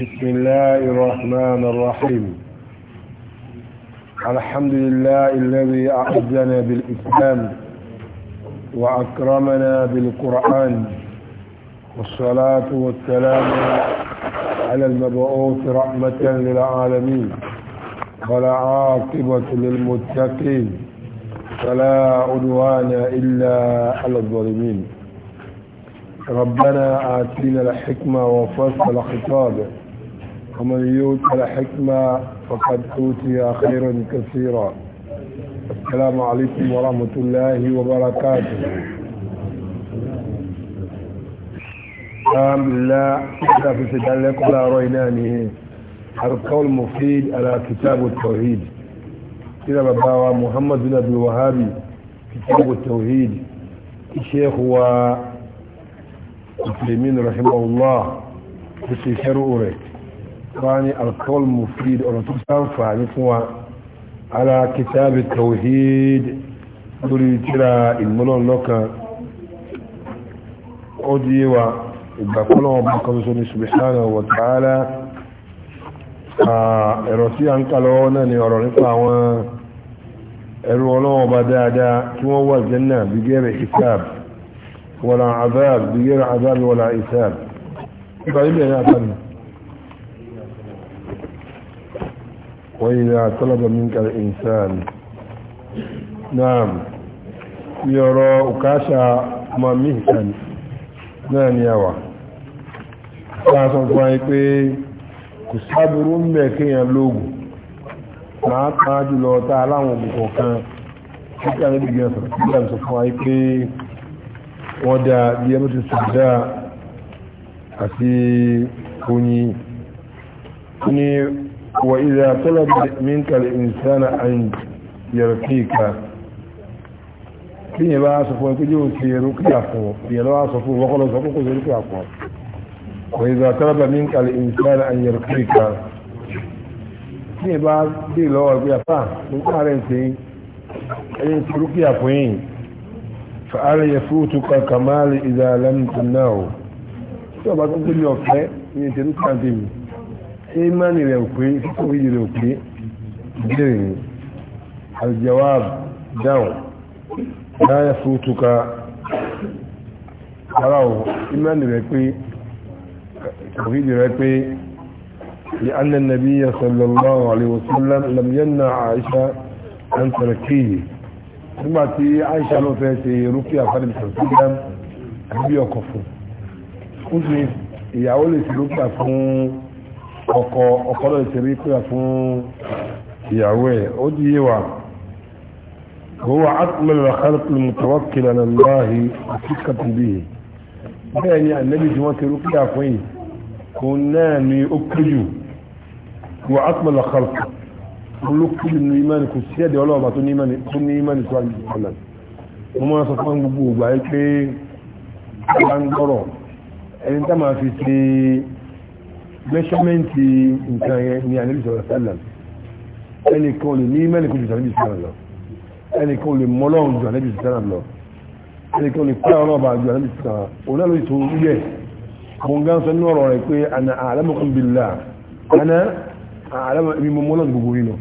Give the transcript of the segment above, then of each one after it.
بسم الله الرحمن الرحيم الحمد لله الذي أعزنا بالإسلام وأكرمنا بالقرآن والصلاة والسلام على المبعوث رحمة للعالمين ولا عاقبة للمتقين فلا عدوان إلا على الظالمين ربنا آتينا الحكمة وفصل خطابه ومن يوت الحكمة فقد أوتي خيرا كثيرا السلام عليكم ورحمة الله وبركاته الحمد لله كده في سجلك ولا رأيناني القول مفيد على كتاب التوحيد إلى بابا محمد بن أبي الوهابي كتاب التوحيد الشيخ هو المسلمين رحمه الله في شرعه wọ́n ní alcohol mufid ọ̀rọ̀ tó sáǹfààní fún wa ala kitabi tawhid lórí tíra ìmúlọ́lọ́kan ó di wa ìgbàkọ́lọ́ ọba kan sọ ní subhanahu wa ta'ala ẹ̀rọ tí a ń kà lọ́wọ́ náà ni ọ̀rọ̀ nípa àwọn ẹ̀rọ ọlọ́wọ́ bá dáadáa tí wọ́n wà jẹ́nà bí gẹ́rẹ̀ ìsáàbù wala azab bí gẹ́rẹ̀ azab wala ìsáàbù وإذا طلب منك الإنسان نعم يرى أكاشا ما مهكا náà ni a wà láàrín fún ayé pé kò sáàbùrú ń bẹ̀ kéèyàn lóògùn máa pàá jùlọ ta aláwọn ògùnkọ̀ kan títà níbi gan sọ̀rọ̀ tí ìlànà sọ fún ayé pé wọ́n وإذا طلب منك الإنسان أن يرقيك kíyẹ̀ bá aṣọ fún ẹkú yóò ṣe rúkìá fún ọ ìyẹ̀ lọ́wọ́ aṣọ fún ọkọ̀ lọ́sọ fún kò ṣe rúkìá fún ọ kò ìzà tọ́lọ́bà ní kàlẹ̀ ìṣẹ́lẹ̀ àyẹ̀ rúkìá kíyẹ̀ bá dé lọ́wọ́ ẹgbẹ́ apá nípa rẹ̀ ṣe ẹyẹ ṣe rúkìá fún yìí fàárẹ̀ yẹ fún òtúkọ kàmáàlì ìzà lẹ́mìtì náà ó tí ọba tó gbé ní ọ̀fẹ́ ní ìṣẹ́ rúkìá imani rẹ̀ pé kíkọ́ yìí rẹ̀ pé bẹ́ẹ̀ ni aljawab dáhùn láyé fún tuka ara o imani rẹ̀ pé توحيد ربي لأن النبي صلى الله عليه وسلم لم يمنع عائشة عن تركيه ثم تي عائشة لو تأتي ركيا فرد سلسلم أبي وقفه قلت يا أولي سلوكي أفهم ọkọ ọkọlọ ìtẹ̀rí pé fún ìyàwó ẹ̀ ó di yé wa هو عقل الخلق المتوكل على الله وثقة به يعني النبي جماعة رقيا فين كنا نؤكجو هو عقل الخلق ولكل من إيمان كسيادي ولا ما تني إيمان تني إيمان سؤال جمال وما صفان ببو بايك عن قرار أنت ما في شيء mẹ́ṣọ́mẹ́ntì nǹkan yẹn ni àníbi sọ̀rọ̀ sẹ́lẹ̀ ẹnì kan lè ní mẹ́lì kújù àníbi sọ̀rọ̀ lọ ẹnì kan lè mọ́lọ́run ju àníbi sọ̀rọ̀ lọ ẹnì kan lè pẹ́ ọ̀rọ̀ bá ju àníbi sọ̀rọ̀ òun náà ló ti sọ̀rọ̀ yẹ mo ń gánsọ nínú ọ̀rọ̀ rẹ̀ pé àna àlámọ̀kún bìlà àna àlámọ̀ ibi mo mọ́lọ́run gbogbo yìí lọ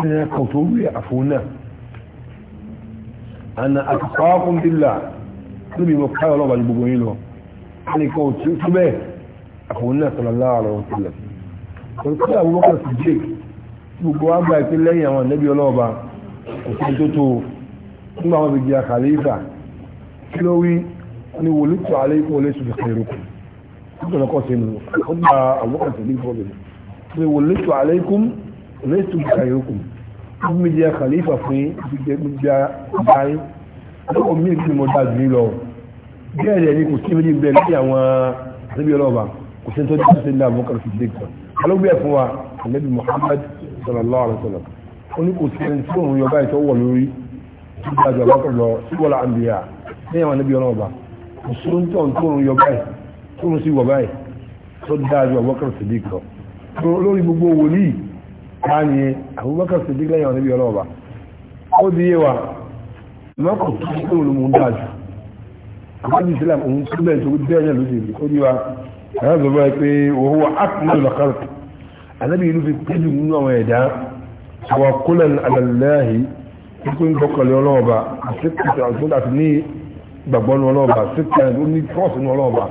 ẹnì kan tó wí àfọwọ́ náà àna àtìkọ́ àfòwúnà sọlọ́lá ọ̀rọ̀ òṣèlẹ̀ òṣèlẹ̀ Abubakar Siddiq gbogbo wa gba ìpín lẹ́yìn àwọn ìnẹ́bí ọlọ́ọ̀ba òṣèlẹ̀ tó tó nígbà wọn fi jẹ àkàlẹ́fà kí ló wí ni wòlú tó alẹ́ ikú olóṣù fi kẹrù kù nígbà lọ́kọ̀ sí nu ó gba Abubakar Siddiq fọ́ bẹ̀rẹ̀ ni wòlú tó alẹ́ ikú olóṣù fi kò sí méjì bẹ́ẹ̀ ní àwọn àdébíọ́lọ́ọ̀ba kò sí tó dìbò sí ilé abubakar siddiq kan alógbé ẹ̀ fún wa anabi muhammad sallallahu alaihi wa sallam ó ní kò sí ẹni tí òun yọ báyìí tó wọ̀ lórí tó dáa ju abubakar lọ sí wọ́lá àǹbíyà ní àwọn anabi ọ̀nà ọba kò sí ohun tó òun yọ báyìí tó òun sì wọ̀ báyìí tó dáa ju abubakar siddiq lọ lórí gbogbo wòlíì ká ní abubakar siddiq lẹ́yìn àwọn anabi ọ̀nà ọba هذا ما وهو أكمل الخلق النبي يقول في كل من ويدا توكلا على الله يكون توكل يلوبا ستة أسود أسني بابون ولوبا ستة أسني تروس ولوبا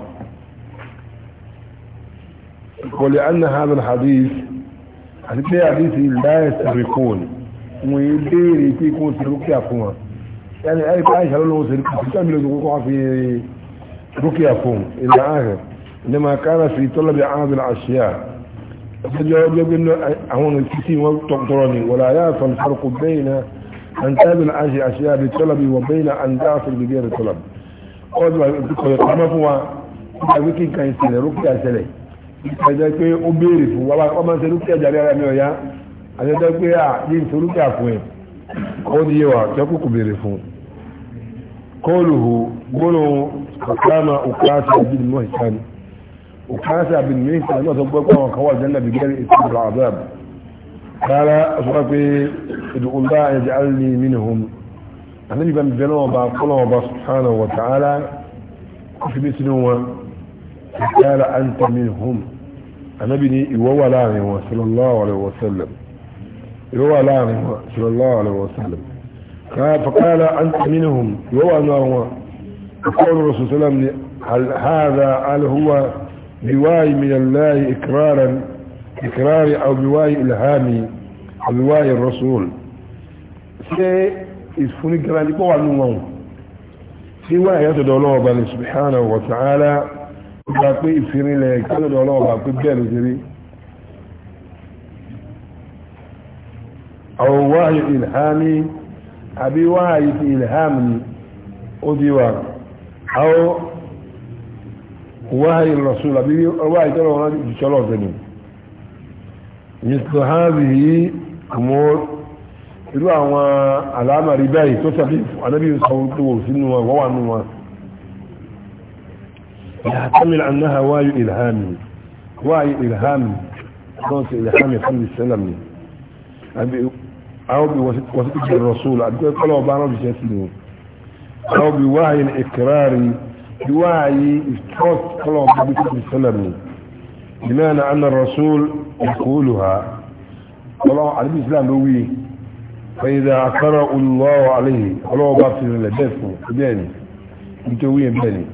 ولأن هذا الحديث حديث حديث لا يسترقون ويبيري في يكون سرقيا فوما يعني أي عايشة لو سرقيا في تعمل في رقيا فوم إلى آخر لما كان في طلب عرض الأشياء فجاءوا يقولوا هون الكثير وتقدرني ولا يعرف الفرق بين أن تابل أشياء بالطلب وبين أن تعصل بغير الطلب قد ما هو wíkì kan ìsìnlẹ̀ rúkìá ṣẹlẹ̀ ìpẹ̀jẹ́ pé ó béèrè fún wa wọ́n máa ń ṣe rúkìá jàre ara mi ọ̀yá àjọjọ́ pé à yí ń ṣe rúkìá fún ẹ̀ kọ́ ní yẹ wà jọ́kù kò béèrè fún kọ́ọ̀lù hù gbóòrùn àkàmà òkúta àti ìbílẹ̀ mọ́ ìṣáni وكاسع بن بالميسة أنه تبقى وقوى الجنة بجاري إسلام العذاب قال أصحابي ادعو الله يجعلني منهم أنا نبقى بنوه بقوله الله سبحانه وتعالى في بسنوه قال أنت منهم أنا بني إيوه لاني صلى الله عليه وسلم إيوه لاني صلى الله عليه وسلم فقال أنت منهم إيوه أنا هو قول الرسول صلى الله عليه وسلم هل هذا هل هو بواي من الله إكرارا إكرار أو بواي إلهامي أو بواي الرسول سي إسفوني كراني بوع نوم في واي يتدولوه بني سبحانه وتعالى باقي إفيني لك يتدولوه باقي بيانو جري أو واي إلهامي أبي واي إلهامي أديوان أو وهي الرسول أبي وهي ترى جشلون ثاني مثل هذه أمور irú àwọn àlámàrí báyìí tó tàbí ànábí sọ́wọ́ sínú wọ́n wà nínú wọn يحتمل أنها واي إلهامي واي إلهامي كونس إلهامي صلى الله عليه وسلم أو بوسيط الرسول أدقوا قالوا بانو بشيء أو بواهي الإكراري دعاء استرس الله عليه وسلم بمعنى أن الرسول يقولها والله عليه الإسلام لوي فإذا أقرأ الله عليه الله بافر لبثه بني متويا بني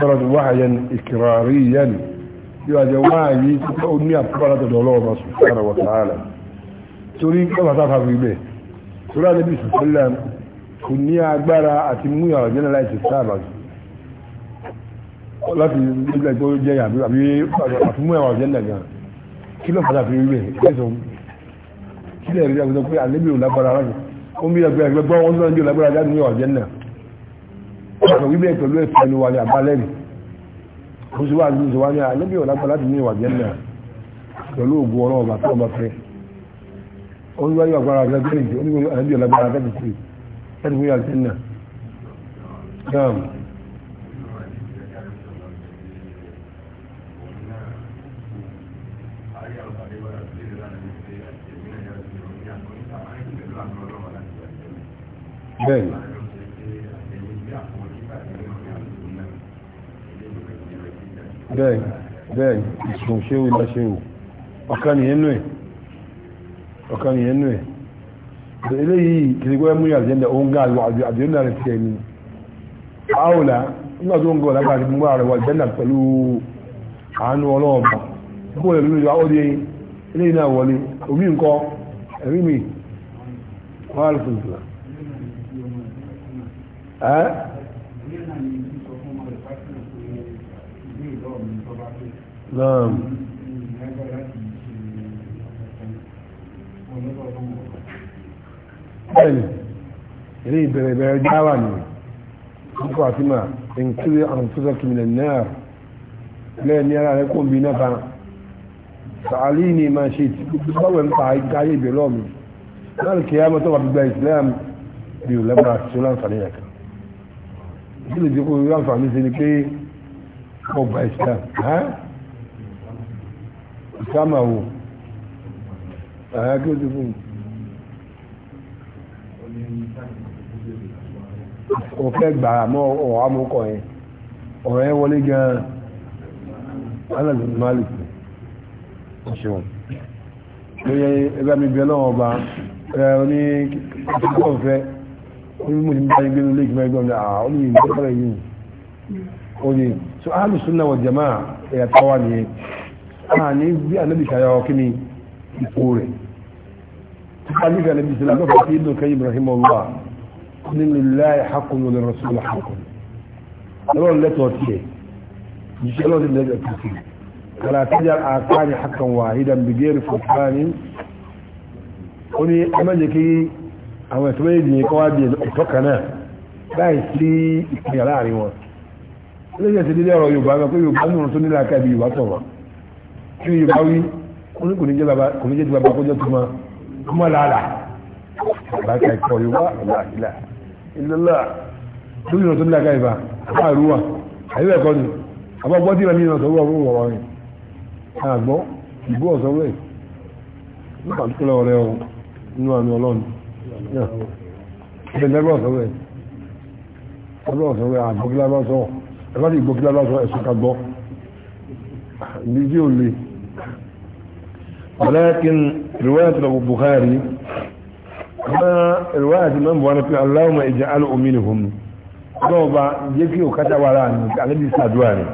صارت وحيا إكراريا يا جواعي تقولني أفضلت الله سبحانه وتعالى تريد كما تفهم به ترى النبي صلى الله عليه وسلم كنيا أكبر أتمنى جنة لا يتسامح láti ilé tó jẹ́ àbí àbí àfimú ẹ̀wà ọ̀jẹ́ ńlẹ̀ gan kí ló padà fi rí rẹ̀ kí ló kí lè rí ẹgbẹ́ pé àlébí ò lágbára rẹ̀ ó ń bí ẹgbẹ́ ẹgbẹ́ gbọ́ wọn tó ń jẹ́ lágbára jáde ní ọ̀jẹ́ ńlẹ̀ ọ̀sọ̀ wíbẹ̀ pẹ̀lú ẹ̀fẹ́ ẹnu wa ní àbálẹ́rì ó sì wá ní ìṣòwá ní àlébí ò lágbára láti ní ìwàjẹ́ ńlẹ̀ pẹ̀lú ògùn ọ̀rọ̀ ọ̀bà tó ọba fẹ́ ó ń wáyé àgbára gẹ́gẹ́ bẹ́ẹ̀ni bẹ́ẹ̀ni bẹ́ẹ̀ni ìṣùn ṣéwù ilá ṣéwù ọ̀kan nìyẹn nù ẹ̀ ọ̀kan nìyẹn nù ẹ̀ eléyìí kìrìgbọ́ mú àjẹ́ndà òun gáà lọ àjẹ́ndà rẹ̀ tiẹ̀ ni àwòlá nígbà tó ń gọ̀ lágbà àti gbogbo àrẹwà àjẹ́ndà pẹ̀lú àánú ọlọ́ọ̀bà gbogbo ẹ̀rọ lójú àwọ́dé eléyìí náà wọlé omi nǹkan ẹ̀rí mi Bẹ́ẹ̀ni, ilé ìbẹ̀rẹ̀ ìbẹ̀rẹ̀ jáwà ni, ń kọ́ àti máa, in kiri àrùn tó sọ́kì mílẹ̀ náà lẹ́ẹ̀ni ara rẹ̀ kò bí náà bá. Sàálì ni máa ṣe ìtìkú báwẹ̀ ń pa gáyé ìbẹ̀rẹ̀ lọ́mù. Láàrín kìí á mọ́ tó wà gbígbà ìsìlẹ́m bí ò lẹ́gbà tí ó láǹfààní yàtọ̀ kí lè jẹ́ kó rí àǹfààní sí ni pé ọgbà islam islam àwò àyàkí ó ti fún òfẹ́ gbà mọ́ ọ̀rọ̀ amúkọ̀ yẹn ọ̀rọ̀ yẹn wọlé gan-an alàgbẹ̀ malik ọ̀ṣun ló yẹ ẹgbẹ́ mi bẹ́ẹ̀ náà ọba ẹ̀ ní kíkọ́ ọ̀fẹ́ mo ní báyìí gbénu lé ìgbìmọ̀ ẹgbẹ́ ọ̀nà àwọn olùyìn tó fẹ́rẹ̀ yìí oye so ahlu sunna wal jamaa ẹ̀yà tó wà nìyẹn a ní bí anábì kayọ kí ni ipò rẹ̀ anábì kayọ ibn kayyim ibrahim allah ní lillahi haqqun wa lirrasul haqqun lọ́rọ̀ lẹ́tọ̀ọ́ tiẹ̀ jíṣẹ́ lọ́sí lẹ́tọ̀ọ́ tiẹ̀ kala tajar akani haqqan wahidan bi ghairi furqanin ó ní ẹ àwọn ẹ̀tọ́ méjì yẹn kọ́ wá di ẹ̀tọ́ kan náà láì sí ìpínyà láàrin wọn eléyìí ẹ̀sẹ̀ dídé ọ̀rọ̀ yorùbá mẹ́kọ́ yorùbá nínú tó nílà káàbí yorùbá tọ̀ wọn kí ni yorùbá wí kò ní kò ní jẹ́ bàbá kò ní jẹ́ Tuma bàbá kọjọ́ tó máa kó má làálà bàbá ká ẹ̀kọ́ yorùbá àlàáfíà ìlọ́lá tó nínú tó nílà káàbí bá àrùwà àyè ẹ̀kọ́ ni àbá gbọ́ dìrọ̀ nínú ọ̀sọ̀ wọ̀ wọ̀ wọ̀rin àgbọ̀ ìbú ọ̀sọ̀ wẹ̀ nípa tó lọ rẹ̀ ọ̀ nínú àmì ọlọ́run ẹ̀ lẹ́gbọ́n sọ bẹ́ẹ̀ lẹ́gbọ́n sọ bẹ́ẹ̀ àgbọ́gílá bá sọ ẹ̀ bá ti gbọ́gílá bá ولكن رواية أبو بخاري ما رواية من بوانا في ما اجعله منهم ضوبا يكي وكتا وراني على دي سادواني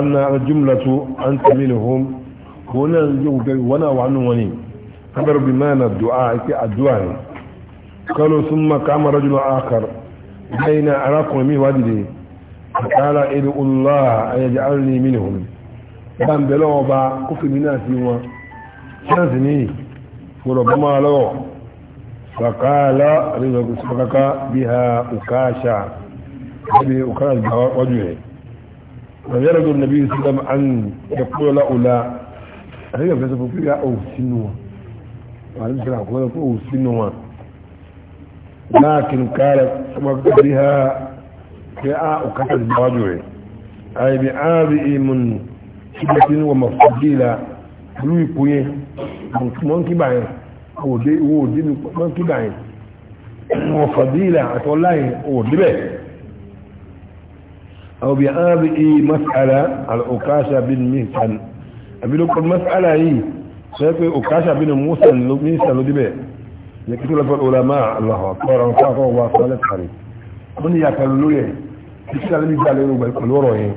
أن الجملة أنت منهم هنا الجملة وانا وعنواني خبر بمعنى الدعاء الدعاء قالوا ثم قام رجل آخر بين أراكم من وجدي قال إدعو الله أن يجعلني منهم كان بلوبا كف من ناس يوم شانسني فربما لو فقال رزق سبقك بها أكاشا أبي أكاش وجهه ويرد النبي صلى الله عليه وسلم أن يقول لا أولا هي فسفك يا أو سنوه وعليه السلام قال فوق السنوان لكن قالت سبق بها فئاء كتب الرجل أي بعابئ من شدة ومفضيلة lórí ipò yẹn mọ́nkí báyẹn òde owó òde ní mọ́nkí báyẹn wọ́n fàdí ilẹ̀ àtọ́ láyìn owó débẹ̀ àwọn ààbí mas'ala al-ukasha bin mihsan àbílòpọ̀ mas'ala yìí سيكون أكاشا بين موسى ميسى لدبي يكتب لك العلماء الله أكبر وفاقه وصالة حريب من يكللو يه كيف لم يجعلوا بالقلور يه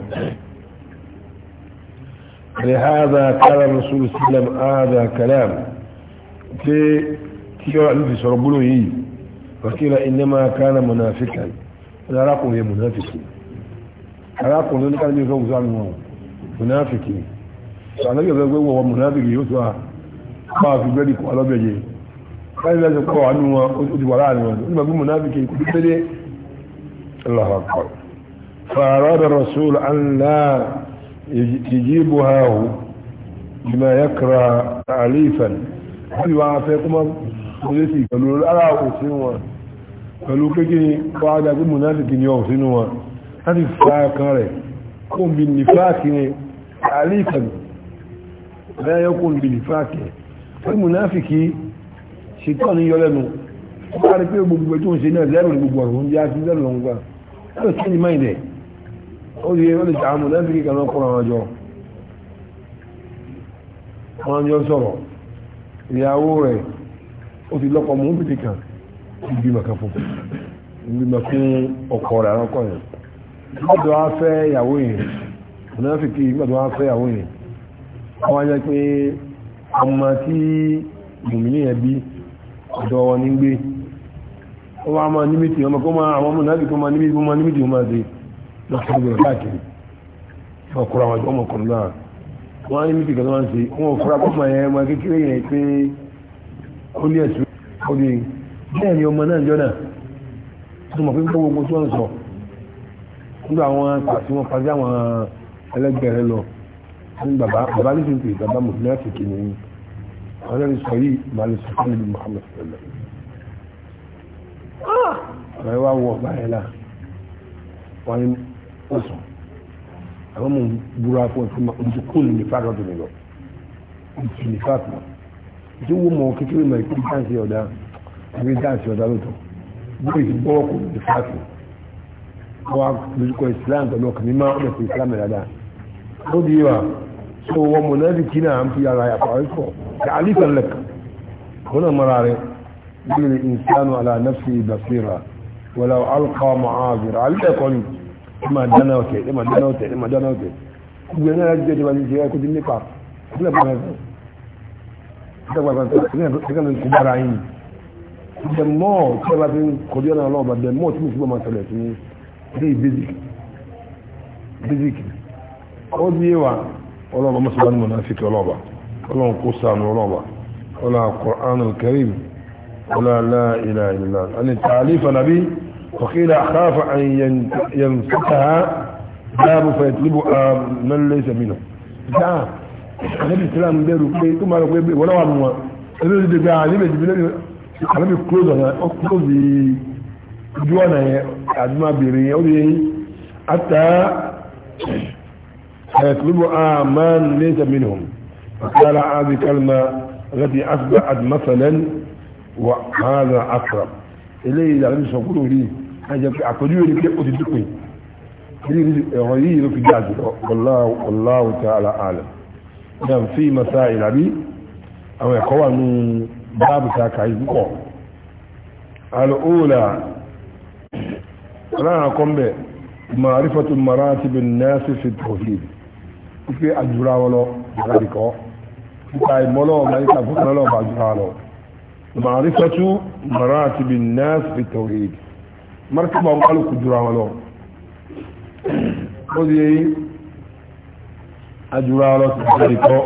لهذا قال الرسول صلى الله عليه وسلم هذا كلام في كيرا الذي سربلو يه وقيل إنما كان منافقا أنا راكم يا منافقين راكم لن كان يفوز عنه منافقين فأنا يقول هو منافق يوسف báwa fi bẹ́ẹ̀dì kọ́ ọlọ́bẹ̀yẹ báyìí lẹ́sẹ̀ pọ̀ àánú wọn ó ti wà láàrin wọn nígbà bí mùnáfíkì kò tó tẹ́lẹ̀ Allahu akbar fàrọ́dà rasul anla ìjíbu hahu bima yakra alifan bí wọn fẹ́ kó má kó lé sí pẹ̀lú ara òsín wọn pẹ̀lú kékeré wọ́n á dá pé mùnáfíkì ni òsín fún ìmúnáfìkì ṣètọ́ ní yọlẹ́nu wọ́n rí pé gbogbo tó ń ṣe náà zẹ́rù ní gbogbo ọ̀rọ̀ ń jẹ́ àti zẹ́rù lọ́n gbà ó lè sẹ́yìn máa ilẹ̀ ó lè ó lè sàánù láfíríkì kan lọ́kọ́ àwọn àjọ àwọn àjọ sọ̀rọ̀ ìyàwó rẹ̀ ó ti lọ́kọ̀ mú bìtì kan ti bí màkà fún bí mà fún ọkọ̀ rẹ̀ àrọ́kọ̀ yẹn lọ́dọ̀ á fẹ́ ìyàwó yẹn mùnáfíkì lọ́dọ̀ á fẹ́ ìyàwó yẹn ọmọ tí mùmìnì ẹbí ọ̀dọ́ wọn ní gbé wọ́n wá máa níbi tí ọmọ kó máa àwọn ọmọ náàbì kó máa níbi kó máa níbi tí ó máa dé lọ́sọ̀rọ̀ bẹ̀rẹ̀ káàkiri ọkùnrin àwọn ọmọ ọkùnrin náà wọ́n á níbi tí kan wọ́n ṣe wọ́n fura kó máa yẹn máa kékeré yẹn pé ó ní ẹ̀sùn ó ní bẹ́ẹ̀ ni ọmọ náà jọ́nà tó mọ̀ pé gbogbo tí wọ́n sọ nígbà wọn pàṣẹ wọn pàṣẹ àwọn ẹlẹgbẹ̀rẹ̀ lọ fún bàbá bàbá ní fífi bàbá mùsùlùmí àti kìnìún àwọn ẹni sọ yìí máa lè sọ fún ibi Muhammad sọlá àwọn ẹwà wọ ọgbà yẹn náà wọn ni ó sọ àwọn mò ń búra fún ẹtú ma ojú kúlù nípa rọdùn mi lọ ojú nípa tó ojú wo mọ kékeré mọ ìpín dáǹsì ọ̀dà ìpín dáǹsì ọ̀dà lótò bó ìdí bọ́wọ́ kò nípa tó wọn lójúkọ Islam pẹ̀lú ọkàn mímọ́ ọ̀dọ̀ sí Islam rẹ̀ dáadáa di wa so wọn mọ̀nàdìkì náà ń fi ara àpàrí pọ̀ kàálífẹ̀ lẹ́kà wọn náà mara rẹ̀ gbére ìsánú aláàáfíì ìbàfíra wọlá alkọ mọ̀háàbìrà alẹ́kọ̀ọ́ ni ma dáná ọ̀tẹ̀ ma dáná ọ̀tẹ̀ ma dáná ọ̀tẹ̀ gbogbo ẹ̀ náà jẹ́ ìjọba ìjẹ́ ẹ̀kọ́ dín nípa sílẹ̀ pàrọ̀ ẹ̀fọ́ sílẹ̀ pàrọ̀ ẹ̀fọ́ ọlọ́ba mọ́sùlùmí mọ̀náfíkì ọlọ́ba ọlọ́run kó sànù ọlọ́ba ọlá Qur'an al-Karim ọlá la ilaha illallah àni tààlífà nàbí ọ̀kílà àkáfà àyẹ̀yẹn sọ́kàá dáàbò fẹ̀tìlíbò àmẹ́lẹ́ ìsẹ̀mìnà dáà àlẹ́bí islam bẹ̀rù pé tó máa rọ pé wọ́n wà nù wọn ẹgbẹ́ ìdíje pé àlẹ́bí ìdíje lẹ́nu àlẹ́bí close ọ̀nà ó close ojú ọ̀nà yẹn àdúmọ̀ bèrè yẹn ó lè àtà فيطلب آمان ليس منهم فقال هذه كلمة التي أصبحت مثلا وهذا أقرب إليه إذا لم يقولوا لي أقولوا لي كيف أتدقني غير في جاجل والله, والله تعالى أعلم نعم في مسائل أبي أو يقوان باب ساكعي بقوم الأولى لا أقوم بمعرفة معرفة مراتب الناس في التوحيد wípé àjùra wọn lọ àgbàdì kọ́ nípa ìmọ́lọ́wọ́ máa ń ta fún ọlọ́wọ́ bá àjùra lọ. màrífẹ́tú maratibi nas fi tawhid màrífẹ́tú bá ń kálukú jura wọn lọ. ó di àjùra lọ sí àgbàdì kọ́.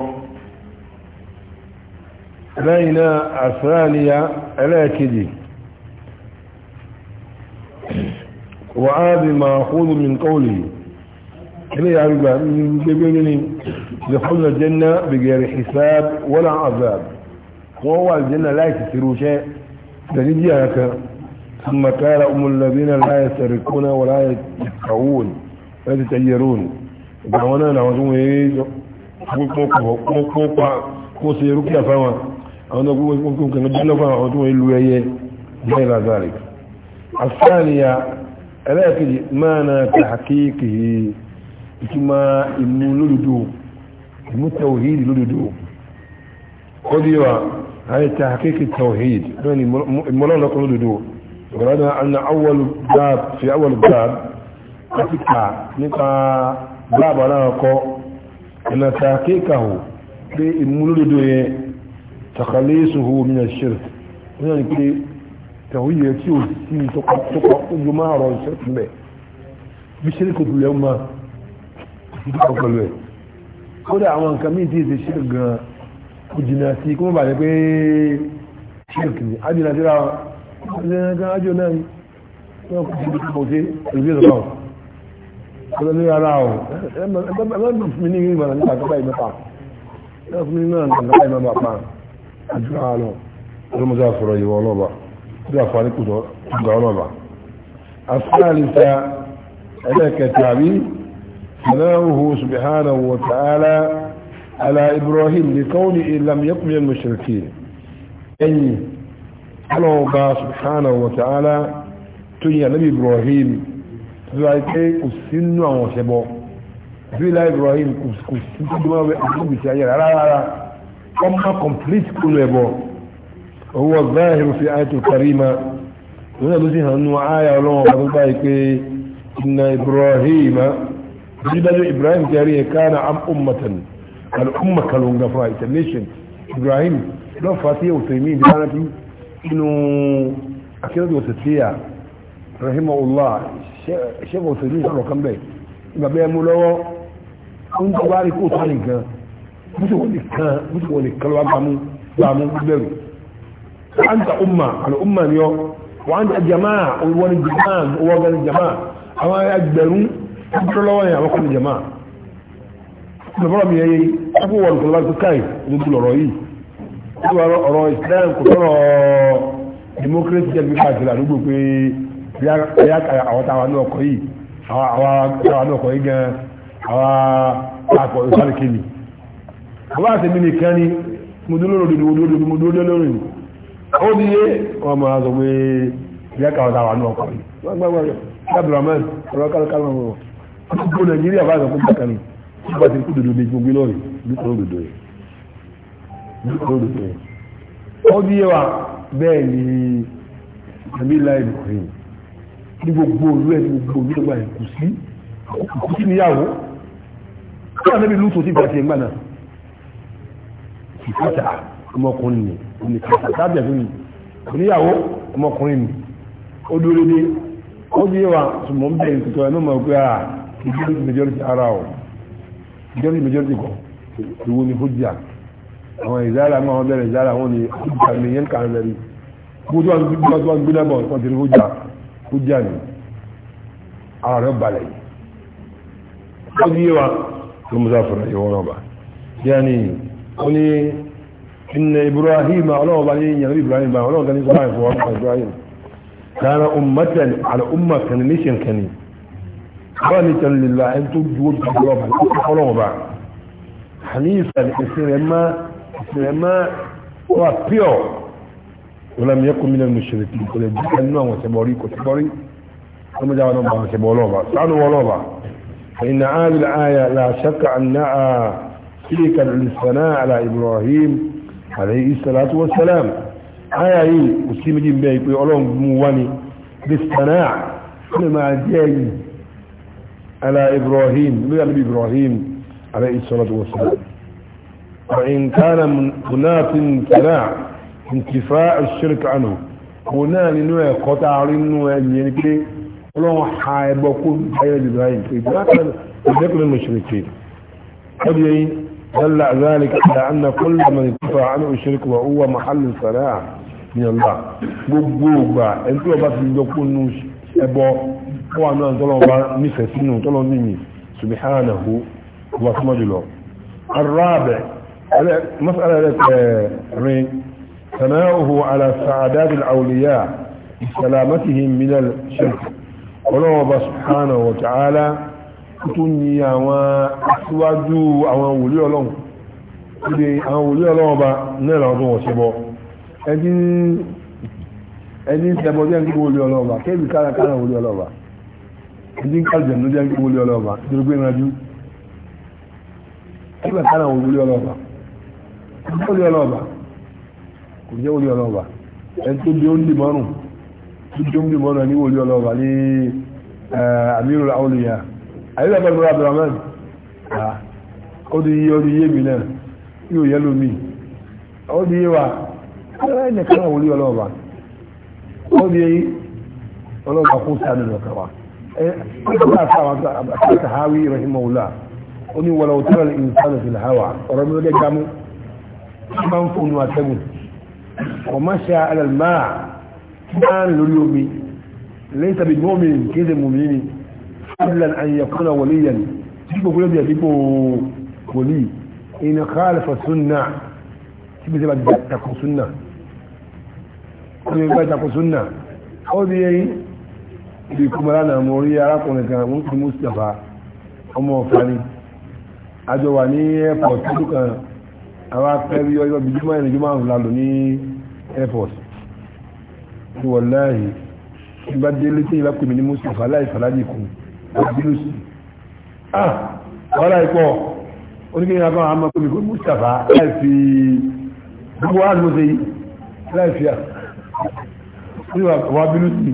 lẹ́yìn náà àṣírànìyà ما أخوذ من قوله إليه عربة من جبيني دخلنا الجنة بغير حساب ولا عذاب وهو الجنة لا يستروا شيء تجدي هكا ثم قال أم الذين لا يسرقون ولا يتقعون ولا يتجيرون دعونا نعوزون إيه kó se rúkíà fáwọn انا ọgbọ̀n kan jẹ́ fáwọn àwọn tó wọ́n ìlú ẹyẹ jẹ́ ìlàzárí asáàlìyà ẹlẹ́ẹ̀kìí máa na ìtumọ̀ ìmú lódodo ìmú tawhid lódodo ó bí wa ayé ta hakéèké tawhid lónìí ìmọ̀lọ́run lọ́kọ̀ lódodo ọ̀gọ̀dọ̀ àna awọ́lu gbáàb fi awọ́lu gbáàb áfíríkà nípa gbáàb aláàkọ́ ìnà ta hakéèkà hù pé ìmú lódodo yẹ takhalisuhu min ash-shirk wọ́n yàn pé tawhid yẹ tí ò sí tọkọ ojú máa rọ ìṣẹ́kùnbẹ̀ bí ṣe kò tulẹ̀ máa ìdíkọ̀ pẹ̀lú ẹ̀ kódà àwọn nǹkan míì tí èsì ṣírk gan kò jìnà sí kó mọ̀ bàjẹ́ pé ṣírk ni á jìnà síra wọn ẹ̀jẹ̀ náà ni wọ́n kò sí ìdíkọ̀ sí ìlú ìlọ́kọ̀ kọ́lọ́ ní ara ọ̀ ẹgbẹ́ fún mi ní ìgbà nígbà tó báyìí mẹ́fà ẹgbẹ́ fún mi ní ìgbà tó báyìí mẹ́fà pa àdúrà lọ ọlọ́mọdé àfọ̀rọ̀ ìwọ ọlọ́ba bí àfọ̀rọ̀ ìkùtọ̀ ìgbà ọlọ́ba àfọ̀rọ̀ àlìsà ẹlẹ́kẹ̀ẹ́ ثناؤه سبحانه وتعالى على إبراهيم لكونه لم يقم المشركين أي الله سبحانه وتعالى تنيا نبي إبراهيم ذلك السن وشبه في لا إبراهيم كما أقول بسعير لا لا لا كما كمبليت كل يبو هو الظاهر في آية الكريمة هنا نسيها أنه آية الله إن إبراهيم gidan ibrahim jari ya kana an ummatan al'umma kalon ita nation ibrahim don fati yau taimi da ranafi inu a kira da wasatiya rahimahullah shekwa wasatiya shi rokan bai ba bai mu lọ́wọ́ ń tó bá rí kó tó nìkan musu wani kan musu wani kalwa bamu bamu bẹ̀rù an ta umma al'umma ni yọ wa an ta jama'a wani jama'a wani jama'a àwọn ẹgbẹ̀rún lọ́wọ́ yẹn àwọn kọ́ni jẹ̀má lọ́bọ̀rọ̀ mi yẹ kó wọ̀ nǹkan láti káì lójú lọ́rọ̀ yìí ó wà ọ̀rọ̀ Islam kò tọrọ democracy jẹ́ bí káàkiri àdúgbò pé bí àwọn táwa náà kọ́ yìí àwọn táwa náà kọ́ yìí gan àwọn àpọ̀ ìsàlùkì ni àwọn àtẹ̀mí nìkan ni mo dúró lórí mo dúró lórí mo dúró lórí ó gbogbo nàìjíríà bá sọ fún bákanì tí bá ti kú dodo ní gbogbo lọ́rì dúkọ̀ òdodo yẹn dúkọ̀ òdodo yẹn ó bí yẹ wa bẹ́ẹ̀ ni àmì láì bùkún yìí ní gbogbo olú ẹ̀ ní gbogbo olú ẹgbà yẹn kù sí kù sí níyàwó kí wà níbi lútò tí bẹ̀rẹ̀ ti ẹgbà náà ìfọ́tà ọmọkùnrin ni òní kàtà tábìlẹ̀ fún mi oníyàwó ọmọkùnrin ni ó dúró dé ó bí yẹ wa sùmọ́ bẹ́ẹ̀ ní tuntun ẹ̀ majority majority ara o majority majority kọ ìwo ni hujja àwọn ìzára máa wọn bẹ̀rẹ̀ ìzára wọn ni hujja ni yẹn kàn lẹ́rí gbogbo àwọn gbogbo àwọn gbogbo àwọn gbogbo àwọn hujja hujja ni ara rẹ̀ balẹ̀ yìí wọ́n ti yé wa ló mú sáfún ẹ̀yọ́ wọn ọba yẹni ó ní inna ibrahim ọlọ́wọ́ bá ní yẹn ibrahim bá ọlọ́wọ́ kan ní sọ́wọ́ àìfọwọ́ ibrahim kana ummatan al'umma kan nishin kan قانتا لله حنيفا هو بيو ولم يكن من المشركين ثم جاء ولوبا فإن هذه الآية لا شك أنها تلك الثناء على إبراهيم عليه الصلاة والسلام آية هي مسلمين بيك يقولون بمواني بالثناء كل ما جاي على إبراهيم لو يعني إبراهيم عليه الصلاة والسلام وإن كان من هناك امتناع انتفاع الشرك عنه هنا لنوع قطع لنوع يعني ولو حايبكم حياة إبراهيم فإذن المشركين قد يعني دل ذلك على أن كل من انتفع عنه الشرك وهو محل الصلاة من الله بوبوبا انتوا بس يكونوا أبو wà náà tọ́lọ bá nífẹ̀ẹ́ sínú tọ́lọ nìyí subhanahu wa súnmọ́ jùlọ arrabe masala rẹ̀ rin sanáhù ala sa'adatul awliya salamatihim minal shirk ọlọ́wọ́ bá subhanahu wa ta'ala tún ní àwọn aṣíwájú àwọn wòlíì ọlọ́run ibi àwọn wòlíì ọlọ́run bá náà làwọn tó wọ̀ ṣe bọ́ ẹni ń ṣẹbọ bí ẹni tó wòlíì bá kébì kárakára wòlíì ọlọ́run bá ẹjí ń kàlùjẹ̀ ló wuli ń ndị ọlọ́ọ̀bà ndị pé ìrìnàjú ẹgbẹ̀ wuli wọlé ndị wọlé ọlọ́ọ̀bà kò jẹ́ wọlé ndị ẹni tó ndị ó ń ndị tó ndị ó ẹni ní ó di yé ó di yé mi náà yóò yẹ lómi ó di yé wa ẹni ó di yé kó sáà nínú wa. التهاوي رحمه الله قل ولو ترى الإنسان في الهوى ورمي لك دمه منف واتم ومشى على الماء كان لليوم ليس بالمؤمن كذا مؤمن قبل أن يكون وليا تجيبه كل يوم يجيبه ولي إن خالف السنة تجيبه زي ما تكون سنة كل يوم تكون سنة أو دي bí kúmọ́lá náà mo rí arákùnrin kan wọ́n ti Mustapha ọmọ ọ̀fà ni àjọ wà ní airport títú kan àwọn akẹ́bí ọjọ́ bíi jùmọ̀ ìrìn jùmọ̀ àrùn lálò ní airport ní wọ̀láyìí tí bá délé tí ìbá pèmí ní Mustapha láì fàlájì kù àbílùsì ah wọ́lá ìpọ̀ oníkẹ́yìn àbá àwọn ọmọ pèmí kò Mustapha láì fi gbogbo àdúgbò sí láì fi à wọ́n àbílùsì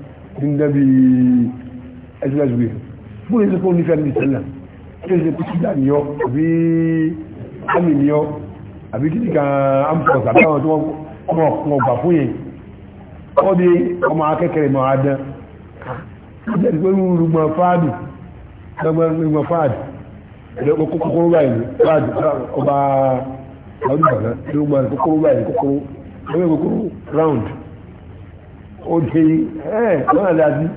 nígbà bí ẹgbẹ́gbẹ́ bóyá ṣe fún onífẹ́ ní sẹ́lẹ̀ tí ó ṣe kú sídà ní ọ àbí àmì ní ọ àbí kí nìkan amphos àbí àwọn tí wọ́n kún ọgbà fún yẹn wọ́n di ọmọ akẹ́kẹ̀rẹ̀ mọ́ adán ìjẹ́ ìgbẹ́ rúgbọ́n fáàdì ba, fáàdì kókóró báyìí fáàdì ọba ọdún bàbá rúgbọ́n kókóró báyìí kókóró round oge ẹ̀ lọ́nà dájú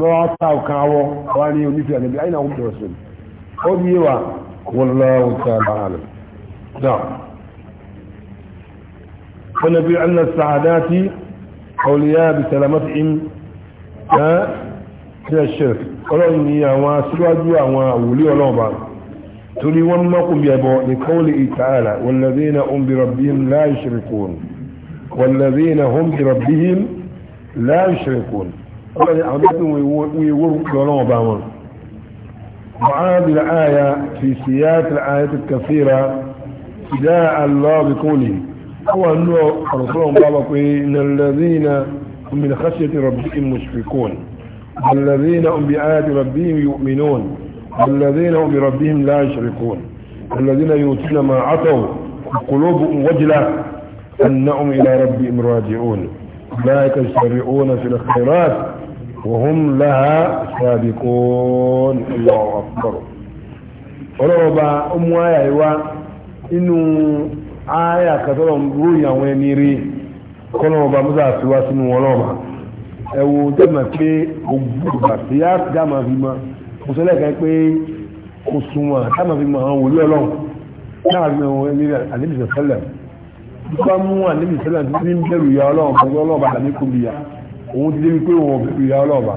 lọ́wọ́ ta ọ̀kan awọ wá ní onífẹ́ àgbẹ̀bí àyínà ó bẹ̀rẹ̀ sọ ó bí wà wọlọ́wọ́ ta láàrín dáa فنبي أن السعادات أولياء بسلامتهم من الشرك ọlọ́run ni àwọn aṣíwájú àwọn àwòlé ọlọ́ọ̀bá torí wọ́n mọ́kùn bí ẹbọ ní kọ́ọ̀lì ìtààlà wọ́n lè rí na ó ń bí rọ̀bí láìṣirikún wọ́n lè rí na ó ń bí rọ̀bí لا يشركون أولا عمدتهم ويورهم كلهم معاد الآية في سياق الآيات الكثيرة جاء الله بقوله هو أنه رسولهم بابك إن الذين هم من خشية ربهم مشفقون الذين هم بآيات ربهم يؤمنون الذين هم بربهم لا يشركون الذين يؤتون ما عطوا قلوبهم وجلة أنهم إلى ربهم راجعون أولئك يسرعون في الخيرات وهم لها سابقون الله أكبر ولربا أم آية إنو إنه آية كتلا رويا وينيري kọlọ́ọ̀bá mọ́sá àti wá sínú ọlọ́ọ̀bá ẹ̀wù tẹ́mà pé ògbùgbà tí á dáàmà fi mọ́ kò sọ́lẹ̀ kan pé kò súnmọ́ dáàmà fi mọ́ àwọn òwúlé ọlọ́run dáàmà fi mọ́ ẹni àdébìsẹ̀ sẹ́lẹ̀ bá mú àníbi sẹ́lẹ̀ tí ní bẹ̀rù ìyá ọlọ́run pẹ̀lú ọlọ́ọ̀bà àní kò bìyà òun ti débi pé òun bẹ̀rù ìyá ọlọ́ọ̀bà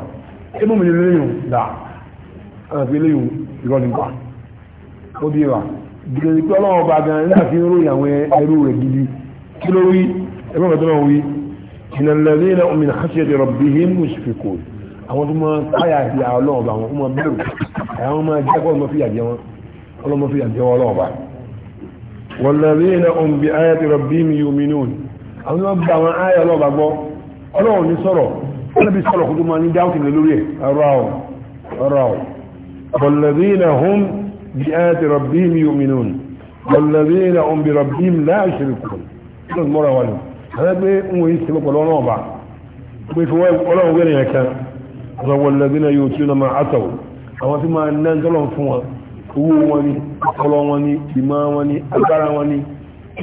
ṣé mú mi lè léyìn dà àwọn fi léyìn irọ́ nípa ó di wa gbèrè pé ọlọ́ọ̀bà gan nígbà tí ń ròyìn àwọn ẹrú rẹ̀ gidi kí ló wí ẹgbẹ́ ọ̀gá tó náà wí ìnàlẹ́lẹ́ ilẹ̀ omi nà kásìyẹ ti rọ̀bì hí mú sì fi kò àwọn tó máa káyà ìyá ọlọ́ọ̀bà àwọn tó máa bẹ̀rù àwọn máa jẹ́ kọ́ ọlọ́mọ fìyà jẹ wọn ọlọ́mọ fìyà jẹ wọn ọlọ́ọ̀bà والذين هم بآيات ربهم يؤمنون أنا بما آية الله بقو الله ني سورو انا بي سورو خدوما ني داوتي لوري راو راو والذين هم بآيات ربهم يؤمنون والذين هم بربهم لا يشركون كل مرة والله هذا بي مو يسمى كلونا با بي فوا الله غير هيك والذين يؤتون ما اتوا او فيما ننزلهم فوا owó wọn ni ọpọlọ wọn ni ìmọ̀ wọn ni agbára wọn ni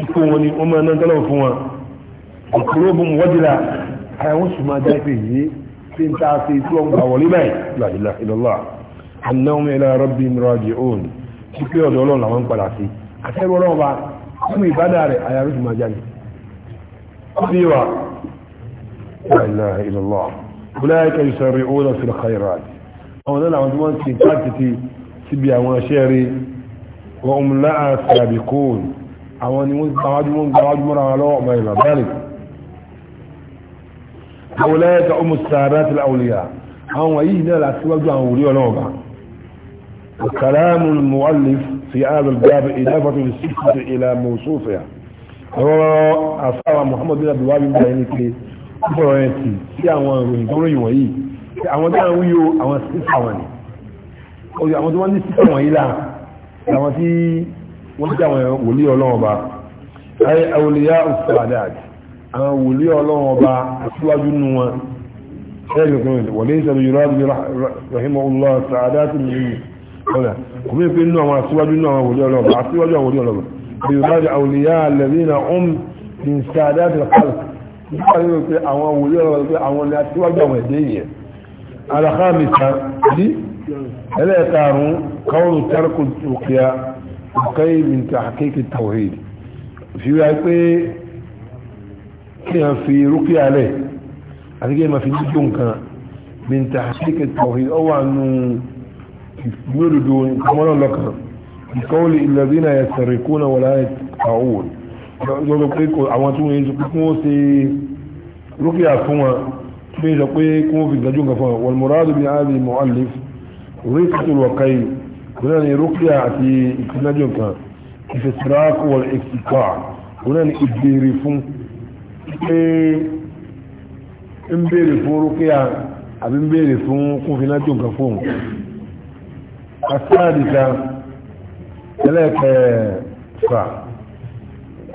ikú wọn ni wọ́n máa ná dọ́là fún wọn ọ̀pọ̀lọ́ bó mu wọ́dìlà ara wọn sì máa dáìpé yìí tí n ta ṣe tí wọ́n gbà wọlé báyìí la ilaha illallah annahum ila rabbihim raji'un kí pé ọ̀dọ̀ ọlọ́run làwọn ń padà síbi àwọn iṣẹ́ rí wọ́n mú láà sàbí kóòlù àwọn ni wọ́n gbáwájú wọ́n gbáwájú mọ́ra wọn lọ́wọ́ ọmọ ìlà bẹ́ẹ̀rẹ̀ àwòlẹ́yẹ ka ọmọ sàárà tí àwòlẹ́yà àwọn wọ̀nyí náà látíwájú àwọn òwúrí ọlọ́ọ̀gá kàlámù mu'allif fi ààbẹ̀ gbáàbẹ̀ ìdáfàtò ìsìkìtì ìlà mọ̀sófẹ́ ọ̀rọ̀ àfáwà muhammadu bin abdullahi bin bayan ke bọ̀rọ̀ ẹ̀ tì sí àwọn ìròyìn tó ròyìn wọ̀nyí àwọn tí àwọn wíyo àwọn sísà oye àwọn tó wọ́n ní sísẹ̀ wọ̀nyí là àwọn tí wọ́n jẹ́ àwọn wòlíì ọlọ́run ọba ayé awòlíyá ọ̀sàdàd àwọn wòlíì ọlọ́run ọba síwájú nù wọn ṣẹ́yìn lókun wọlé ìṣẹ̀lẹ̀ yorùbá bí rahimahullah sàdáàtì nìyí ọ̀nà kò mí pé nínú àwọn aṣíwájú nínú àwọn wòlíì ọlọ́run ọba aṣíwájú àwọn wòlíì ọlọ́run ọba yorùbá bí awòlíyá lẹ́rìnà ọ̀m ní sàdáàtì kàlù nípa ní wípé àwọn ẹlẹ́ẹ̀karùn-ún kọ́ọ̀lù tẹ́rẹ̀kù òkèá òkèé mìta àkéèkì tawhid fi wáyé pé kí a fi rúkìá lẹ̀ àti kí a máa fi jíjó nǹkan mìta àkéèkì tawhid ó wà nù lódodo ìkọmọ́nà lọ́kàn ìkọ́ọ̀lù ìlàdínà yasarikuna wala ta'un lọ́dọ̀ pé àwọn tí wọ́n yẹ kí wọ́n ṣe rúkìá fún wọn tí رقة وقيل هنا رقية في إتناجم كان الفسراق والاكتقاع هنا إبديرفون ń bèèrè fún rúkíà àbí ń bèèrè fún kúnfinájò nǹkan fún asáàdìta ẹlẹ́ẹ̀kẹ́fà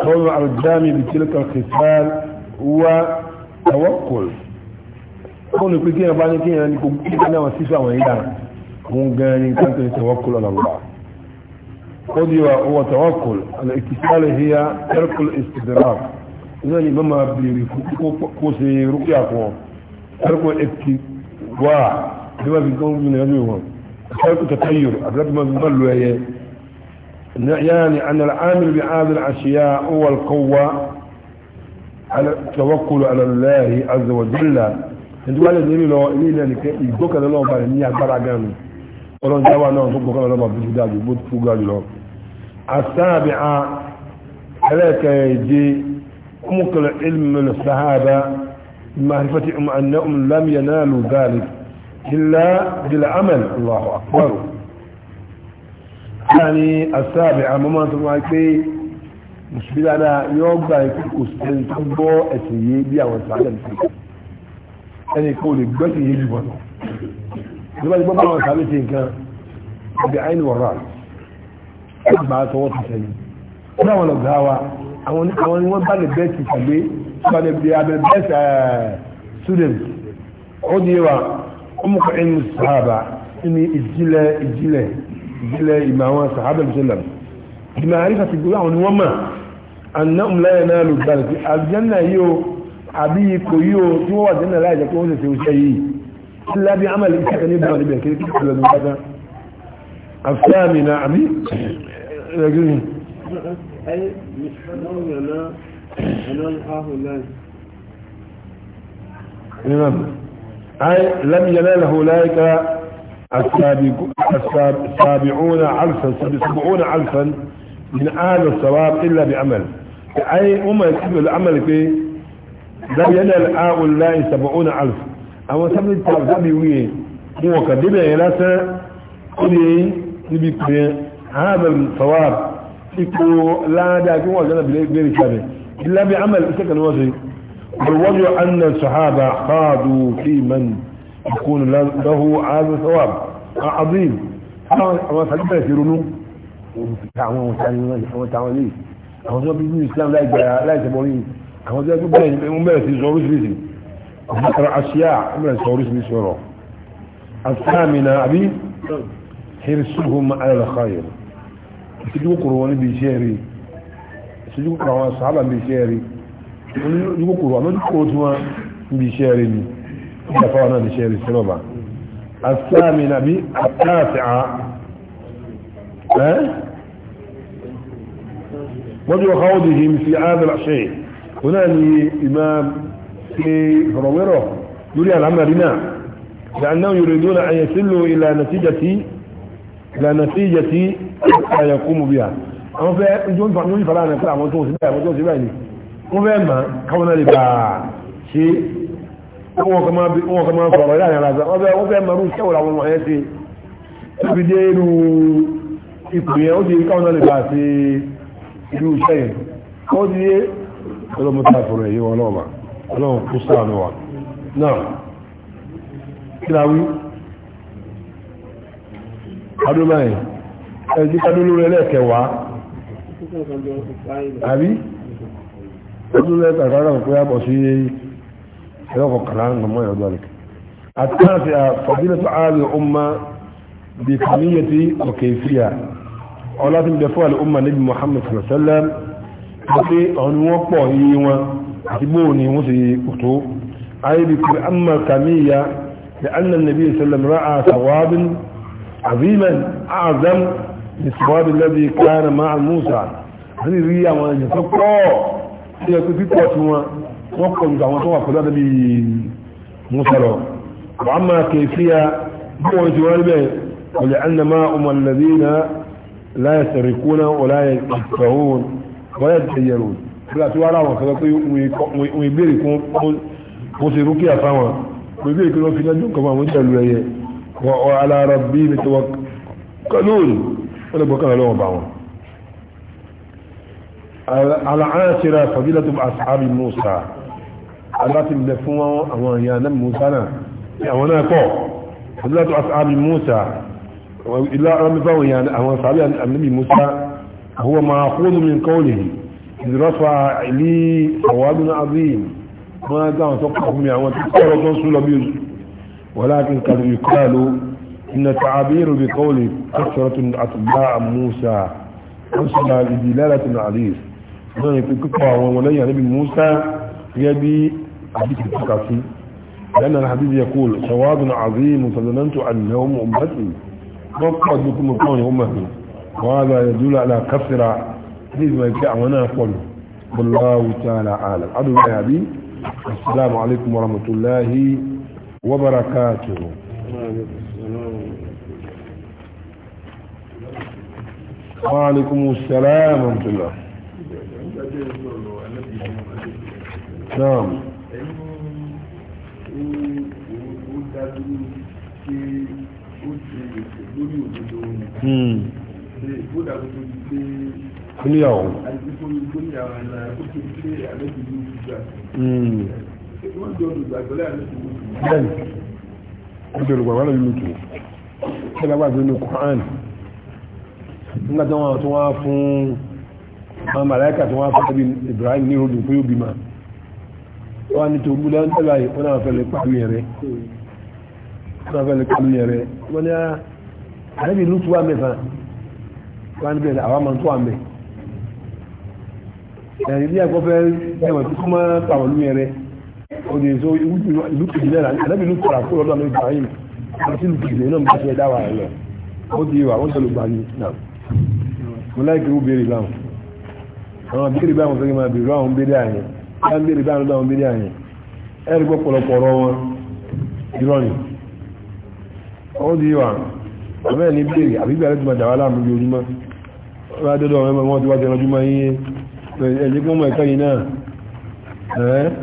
kọ́nà àrùjámi bí tí lọ́kàn kìtàl wá tawakkul kọ́nà pé kí ẹ bá ní kí ẹ ní kò gbé náà sísọ àwọn ìyára هم قاني كانت يتوكل على الله قدوة هو توكل الاتصال هي ترك الاستدراك يعني بما بيري كوسي رقيا قوم ترك الاتواع بما في قوم من غزوهم ترك التطير أبلاد ما بيبلوا هي يعني أن العامل بهذه الأشياء هو القوة على التوكل على الله عز وجل عندما قال النبي لو إلينا لكي يدوك الله بعد أن يعبر ولو جاوا نو فوق كنا نبغى في جدال بود فوق على لو السابعة عليك يجي مكل علم الصحابة معرفة أم أنهم لم ينالوا ذلك إلا بالعمل الله أكبر يعني السابعة مما تقول لك مش بلا لا يوقع يكون استنتبه أسيبيا وسعيا فيه يعني يقول لك بس يجب أنه nígbà tí gbọ́gbọ́n sàmì ti nǹkan ọbẹ̀ àìní wọ̀rọ̀ àgbà tọwọ́ ti sẹ́yìn ní àwọn ọ̀gá wa àwọn ni wọ́n bá lè bẹ́ẹ̀ ti tàgbé bá lè bí abẹ bẹ́ẹ̀ student ó di wa ó mú kọ́ ẹnu sàábà nínú ìjìnlẹ̀ ìjìnlẹ̀ ìjìnlẹ̀ ìmọ̀ àwọn sàábà bí sẹ́lẹ̀ ìmọ̀ àríkà إلا بعمل كان يبغى لبيه كده كده هذا الثامنة نعمي لكن هل مش حنون أنا أنا الحاهلان نعم أي لم يناله أولئك السابعون علفا سبعون علفا من آل الصواب إلا بعمل أي أمة العمل في لم ينال آل هؤلاء سبعون علفا àwọn seventy thousand lábẹ́ ìwé yẹn ní wọn kàn débẹ̀ yẹn lásán ó lè níbi pè é ààbẹ̀ sọ̀wá ipò ládàá kí wọ́n jẹ́ nàbí lẹ́gbẹ̀rẹ̀ ìṣàbẹ̀ ìlàbẹ̀ amẹ̀ iṣẹ́ kan wọ́n ṣe wọ́jọ́ anna sahaba khaadu fi man يكون له هذا ثواب عظيم àwọn sàlùbẹ̀ ti ronú àwọn òṣàlùmọ̀ àwọn tàwọn islam láìgbẹ̀rẹ̀ láìsẹ̀bọ̀ yìí àwọn tó bẹ̀rẹ̀ sí sọ oríṣiríṣi ذكر أشياء من السوريس بسورة الثامنة أبي حرصهم على الخير سجوا قروان بشيري سجوا قروان صحابا بشيري سجوا قروان من قوتوا بشيري دفعنا بشيري سلوبا الثامنة أبي التاسعة ها وجه خوضهم في هذا الشيء هنا إمام ṣe ọ̀rọ̀wérọ̀ lórí àlámàrí náà لأنهم يريدون أن يصلوا إلى نتيجة إلى نتيجة حتى يقوموا بها àwọn fẹ́ ìjọ ń fà ní ìfàlà àrẹ pé àwọn tó ń síbẹ̀ àwọn tó ń síbẹ̀ ní wọ́n fẹ́ ma káwọn náà lè bá ṣe wọ́n ó ti káwọn náà lè bá wọn náà ọlọ́run kó sáànù wa náà kíláwí adúláyìn ẹjí adúlú rẹ lẹ́ẹ̀kẹwàá àbí ọdún lẹ́ẹ̀kẹ̀kẹ́ ọ̀pẹ́ àbọ̀ sí ẹlọ́kọ̀ kàlá ń gbọmọ́ ìrọ̀dọ́ rẹ̀ àtàtì àfọ̀dílẹ̀tọ̀ ààrẹ ọmọ bí kàmíyàtì ọ̀kẹ̀fíà ọlátìmìdẹ̀fọ́ àlẹ́ ọmọ níbi Muhammad sallallahu alaihi wasallam àti ọ̀nà wọn wọn àti bóò ni wọ́n sì kòtó ayébi kiri amma kàmíyà da annan nabi sallam ra'a sawabin aziman azam ni sawabi ladi kana ma'a musa àti rí àwọn èèyàn tó pọ̀ tí ẹ pé pípọ̀ tí wọn wọ́n kọ̀ ju àwọn tó wà pẹ̀lú àdàbí musa lọ wàá máa kèéfìyà bóò ti wọ́n rí bẹ́ẹ̀ wọ̀lẹ̀ annama umar ladina la yasrikuna wa la yaqtahun wa la yatayyarun bí a ti wá ráwọn kan pé òun ìbéèrè kún mo ṣe rúkì àfáwọn mo ìbéèrè kí wọ́n fi dájú nǹkan àwọn ìṣẹ̀lú ẹyẹ wọ alára bí mi tó wọ kọlóòlù wọ́n lè gbọ́kànlá lọ́wọ́ bá wọn. aláàṣírà fàbílẹ̀ tó asáàbì Musa alátìlẹ̀ fún àwọn èèyàn náà Musa náà ní àwọn náà pọ̀ fàbílẹ̀ tó asáàbì Musa ilá àwọn mẹ́fà àwọn èèyàn àwọn sàbí àmì Musa àwọn máa kó lómi nǹkan lè yìí رفع لي ثواب عظيم ما دعوا تقفهم يا وتقفوا ولكن قد يقال إن تعابير بقول كثرة أتباع موسى أنصر لدلالة عزيز ما يتكفى ولي نبي موسى يبي حديث التكاسي لأن الحديث يقول ثواب عظيم فظننت أنهم أمتي وقد يكون القوم أمتي وهذا يدل على كثرة ní ìgbà ìgbà àwọn náà pọ̀lù bọ́láwù tààlà àlà adùn báyà bí assalamu alaikum warahmatullahi wabarakatuhu wa alaikum assalam warahmatullah naam lórí òdodo ni. kódà kó tó di pé kúlíà ọ̀hún. Hmm. bẹ́ẹ̀ni ó jẹ́ olùgbàgbọ́ lórí lùtù ṣé bá gbàgbé nínú nígbà tí wọ́n tún wá fún àwọn màláìkà tí wọ́n fún Ibrahim ní rodò pé ó bímọ wọ́n ní tó gbúdá ń tẹ́lá yìí pàlú yẹn wọ́n náà pàlú yẹn rẹ̀ wọ́n ní ah, àrẹ́bì lùtù wà mẹ́fà wọ́n ní bẹ̀rẹ̀ àwọn àmọ́ tó wà mẹ́fà ẹ̀rí bí ẹ̀kọ́ fẹ́ ẹ̀wẹ̀ tó kọ́ máa tàwọn olú yẹn rẹ̀ ó lè so ìlú kejì náà àdábì ìlú kọ̀ọ̀rọ̀ kúrò lọ́dọ̀ mẹ́ta yìí àti ìlú kejì náà bá ṣe dá wà lọ ó di wà wọ́n tẹ̀lé gbani náà mo láìkí ó béèrè láwọn àwọn béèrè bá wọn fẹ́ máa béèrè láwọn béèrè àyẹn bá ń béèrè bá wọn láwọn béèrè àyẹn ẹ̀rí gbọ́ pọ̀lọpọ̀ ọ̀rọ̀ wọn irọ́ ni ó di wà àmẹ́ẹ̀ ní béèrè àbí bẹ̀rẹ̀ tó máa dà wà láàmú ẹ̀jẹ̀ kí wọ́n mọ̀ ẹ̀kọ́ yìí náà ẹ̀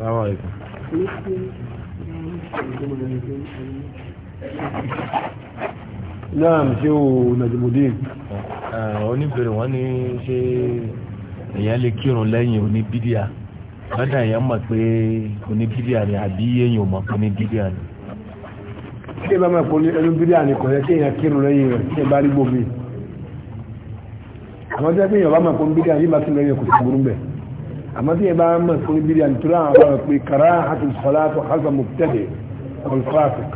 láwọn ẹ̀kọ́. náà ṣé o Najimudin. oníbèrè wọn ní ṣé èèyàn lè kírun lẹ́yìn oníbídíà lọ́dà èèyàn mọ̀ pé oníbídíà ni àbí èèyàn mọ̀ pé oníbídíà ni. kí ẹ bá máa pọ̀ ní ẹnu bídíà ni kò yẹ kí èèyàn kírun lẹ́yìn rẹ̀ kí ẹ bá rí gbòmìn àmọ́ tí wọ́n pè yàn bá mọ̀ pé bídíà yìí bá tún lórí ẹ̀kọ́ tó burú bẹ̀ àmọ́ tí yẹn bá mọ̀ pé bídíà nítorí àwọn bá mọ̀ pé kàrá àti sọlá tó hasa mọ̀tẹ́dẹ̀ kọlfàtìk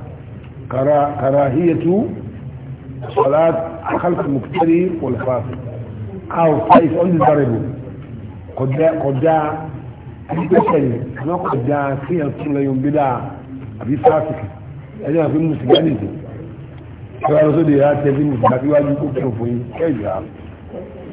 kàrá hiyatu sọlá hasa mọ̀tẹ́dẹ̀ kọlfàtìk àwọn fáìs undesirable kọjá kọjá ẹgbẹ́sẹ̀yìn àmọ́ kọjá sí yẹn tún lórí bídíà àbí fàtìk ẹni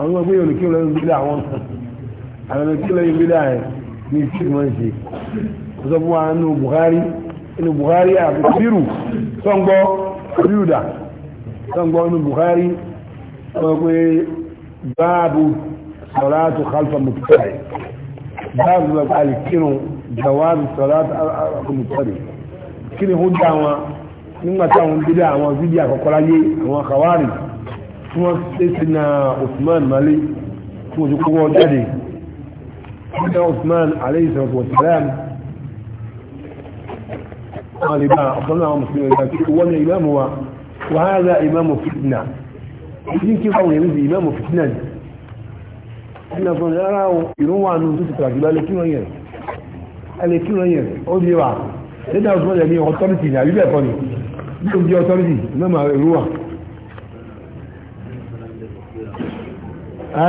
àwọn ẹgbẹ́ olùkí lọ́yìn bílẹ̀ àwọn àwọn olùkí lọ́yìn bílẹ̀ ẹ̀ ní ìsìn wọn ṣe ọ̀sọ́ fún wa nínú Buhari nínú Buhari àti bírù sọ́ngbọ́ bírùdà sọ́ngbọ́ nínú Buhari wọ́n pé báàbù sọ̀ràtù khalfa mùtútàì báàbù alìkírun jawaab sọ̀ràtù alìkírun kí ni ó dá wọn nígbà tí wọ́n ṣe sí na Usman Mali tí wọ́n ti kó wọ́n jáde ṣíkà Usman alayhi salatu wa salam wọ́n lè bá ọ̀kan náà mùsùlùmí ẹ̀dá tí wọ́n ní ìmáàmù wa wa hadha ìmáàmù fitna ìdí kí wọ́n yẹ̀mí sí ìmáàmù fitna ni ẹ̀nà fún ara ìrún wà nù tó ti pàtàkì lọ lẹ́kí wọ́n yẹ̀rẹ̀ ọ̀rọ̀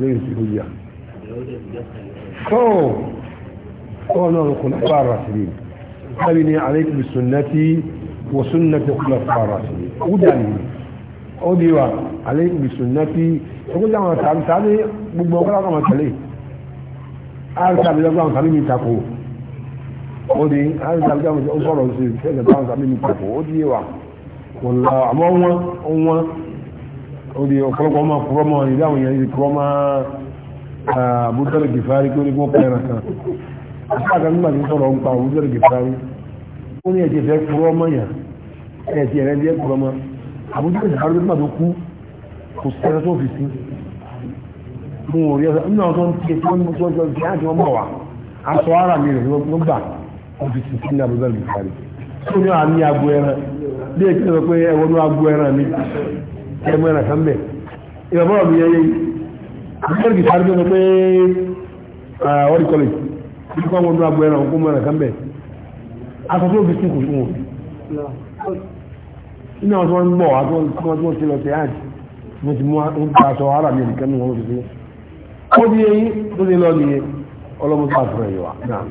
lẹ́yìn tí ó yà kọ́ọ̀ kọ́ọ̀ náà rukun fara sílẹ̀ sábì ní alaykum sunnati wa sunnati kula fara sílẹ̀ ó dà ní ó di wa alaykum sunnati ó kó jáwọn tàbí gbogbo ọkọ̀ láwọn tẹ̀lé àrísàbílẹ́gbà àwọn sàmì mi tako ó ní àrísàbílẹ́gbà àwọn sọ̀rọ̀ sí ìfẹ́lẹ̀gbà àwọn sàmì mi tako ó di wa wọ̀lá àmọ́ wọn wọn ó di ọ̀pọ̀lọpọ̀ ọmọ kúrọ́mọ ìdí àwọn èèyàn ìdí kúrọ́mọ àbúdọ́rẹ̀ gìfárí kí kan àpáàkà nígbà tí sọ̀rọ̀ ń pa àbúdọ́rẹ̀ gìfárí ó ní ẹ̀jẹ̀ fẹ́ kúrọ́mọ yàn ẹ̀jẹ̀ rẹ̀ ń jẹ́ kúrọ́mọ àbúdọ́rẹ̀ gìfárí tó fún orí ọ̀sán nínú àwọn tó ń tiẹ̀ mú tọ́jọ́ sí àti wọ́n mọ̀ ndị aṣọ ara mi rẹ̀ ló gbà wọ́n ti ní abúlé ní àmì agbo ẹran bí pé ẹ wọnú agbo ẹran mi ẹ mú ẹran ìwà bọ́ọ̀ mi abúlé pé kó bí eyín tó ní lọ nìyẹn ọlọ́mọdé àfúrẹ́ yìí wà náà.